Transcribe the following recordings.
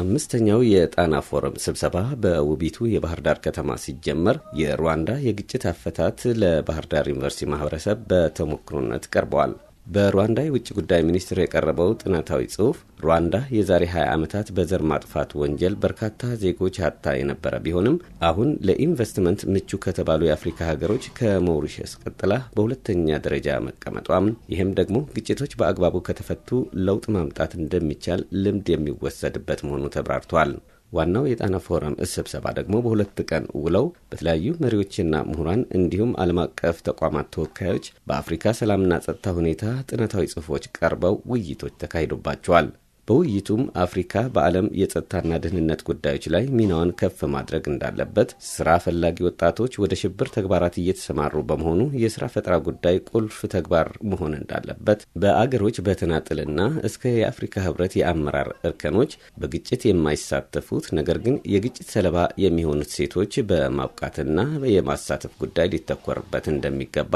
አምስተኛው የጣና ፎረም ስብሰባ በውቢቱ የባህር ዳር ከተማ ሲጀመር የሩዋንዳ የግጭት አፈታት ለባህር ዳር ዩኒቨርሲቲ ማህበረሰብ በተሞክሮነት ቀርበዋል። በሩዋንዳ የውጭ ጉዳይ ሚኒስቴር የቀረበው ጥናታዊ ጽሑፍ ሩዋንዳ የዛሬ 20 ዓመታት በዘር ማጥፋት ወንጀል በርካታ ዜጎች አጥታ የነበረ ቢሆንም አሁን ለኢንቨስትመንት ምቹ ከተባሉ የአፍሪካ ሀገሮች ከሞሪሸስ ቀጥላ በሁለተኛ ደረጃ መቀመጧም ይህም ደግሞ ግጭቶች በአግባቡ ከተፈቱ ለውጥ ማምጣት እንደሚቻል ልምድ የሚወሰድበት መሆኑ ተብራርቷል። ዋናው የጣና ፎረም ስብሰባ ደግሞ በሁለት ቀን ውለው በተለያዩ መሪዎችና ምሁራን እንዲሁም ዓለም አቀፍ ተቋማት ተወካዮች በአፍሪካ ሰላምና ጸጥታ ሁኔታ ጥናታዊ ጽሑፎች ቀርበው ውይይቶች ተካሂዶባቸዋል። በውይይቱም አፍሪካ በዓለም የጸጥታና ደህንነት ጉዳዮች ላይ ሚናዋን ከፍ ማድረግ እንዳለበት፣ ስራ ፈላጊ ወጣቶች ወደ ሽብር ተግባራት እየተሰማሩ በመሆኑ የስራ ፈጠራ ጉዳይ ቁልፍ ተግባር መሆን እንዳለበት፣ በአገሮች በተናጥልና እስከ የአፍሪካ ህብረት የአመራር እርከኖች በግጭት የማይሳተፉት ነገር ግን የግጭት ሰለባ የሚሆኑት ሴቶች በማብቃትና የማሳተፍ ጉዳይ ሊተኮርበት እንደሚገባ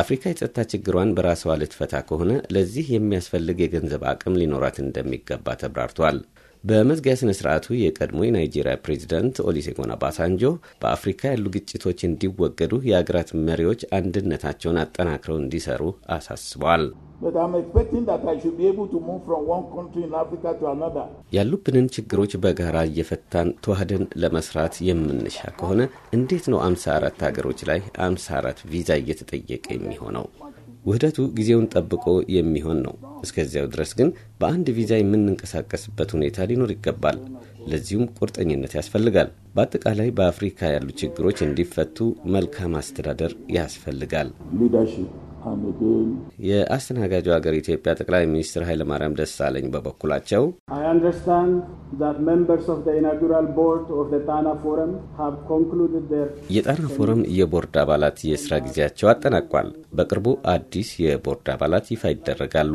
አፍሪካ የጸጥታ ችግሯን በራሷ ልትፈታ ከሆነ ለዚህ የሚያስፈልግ የገንዘብ አቅም ሊኖራት እንደሚገባ ተብራርቷል። በመዝጊያ ስነ ስርዓቱ የቀድሞ የናይጄሪያ ፕሬዚዳንት ኦሊሴጎን አባሳንጆ በአፍሪካ ያሉ ግጭቶች እንዲወገዱ የአገራት መሪዎች አንድነታቸውን አጠናክረው እንዲሰሩ አሳስበዋል። But I'm expecting that I should be able to move from one country in Africa to another. ያሉብንን ችግሮች በጋራ እየፈታን ተዋህደን ለመስራት የምንሻ ከሆነ እንዴት ነው 54 ሀገሮች ላይ 54 ቪዛ እየተጠየቀ የሚሆነው? ውህደቱ ጊዜውን ጠብቆ የሚሆን ነው። እስከዚያው ድረስ ግን በአንድ ቪዛ የምንንቀሳቀስበት ሁኔታ ሊኖር ይገባል። ለዚሁም ቁርጠኝነት ያስፈልጋል። በአጠቃላይ በአፍሪካ ያሉ ችግሮች እንዲፈቱ መልካም አስተዳደር ያስፈልጋል። የአስተናጋጁ ሀገር ኢትዮጵያ ጠቅላይ ሚኒስትር ኃይለማርያም ደሳለኝ በበኩላቸው የጣና ፎረም የቦርድ አባላት የስራ ጊዜያቸው አጠናቋል። በቅርቡ አዲስ የቦርድ አባላት ይፋ ይደረጋሉ።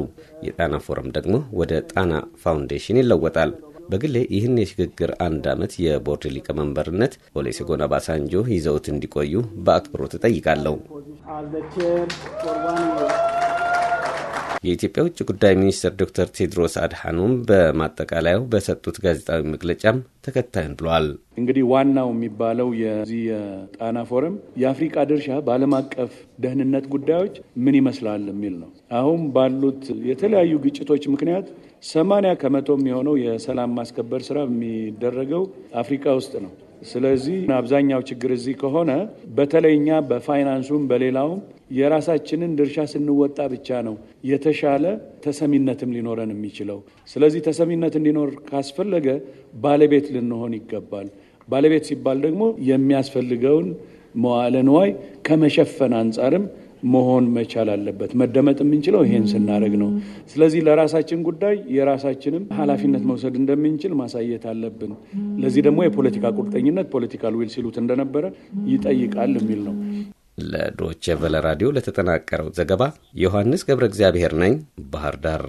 የጣና ፎረም ደግሞ ወደ ጣና ፋውንዴሽን ይለወጣል። በግሌ ይህን የሽግግር አንድ ዓመት የቦርድ ሊቀመንበርነት ኦሉሴጉን ባሳንጆ ይዘውት እንዲቆዩ በአክብሮት እጠይቃለሁ። የኢትዮጵያ ውጭ ጉዳይ ሚኒስትር ዶክተር ቴድሮስ አድሓኖም በማጠቃለያው በሰጡት ጋዜጣዊ መግለጫም ተከታዩን ብለዋል። እንግዲህ ዋናው የሚባለው የዚህ የጣና ፎረም የአፍሪቃ ድርሻ በዓለም አቀፍ ደህንነት ጉዳዮች ምን ይመስላል የሚል ነው። አሁን ባሉት የተለያዩ ግጭቶች ምክንያት ሰማንያ ከመቶ የሚሆነው የሰላም ማስከበር ስራ የሚደረገው አፍሪካ ውስጥ ነው። ስለዚህ አብዛኛው ችግር እዚህ ከሆነ በተለይኛ በፋይናንሱም በሌላውም የራሳችንን ድርሻ ስንወጣ ብቻ ነው የተሻለ ተሰሚነትም ሊኖረን የሚችለው። ስለዚህ ተሰሚነት እንዲኖር ካስፈለገ ባለቤት ልንሆን ይገባል። ባለቤት ሲባል ደግሞ የሚያስፈልገውን መዋለ ንዋይ ከመሸፈን አንጻርም መሆን መቻል አለበት። መደመጥ የምንችለው ይሄን ስናደርግ ነው። ስለዚህ ለራሳችን ጉዳይ የራሳችንም ኃላፊነት መውሰድ እንደምንችል ማሳየት አለብን። ለዚህ ደግሞ የፖለቲካ ቁርጠኝነት ፖለቲካል ዊል ሲሉት እንደነበረ ይጠይቃል የሚል ነው። ለዶቼ ቨለ ራዲዮ ለተጠናቀረው ዘገባ ዮሐንስ ገብረ እግዚአብሔር ነኝ ባህር ዳር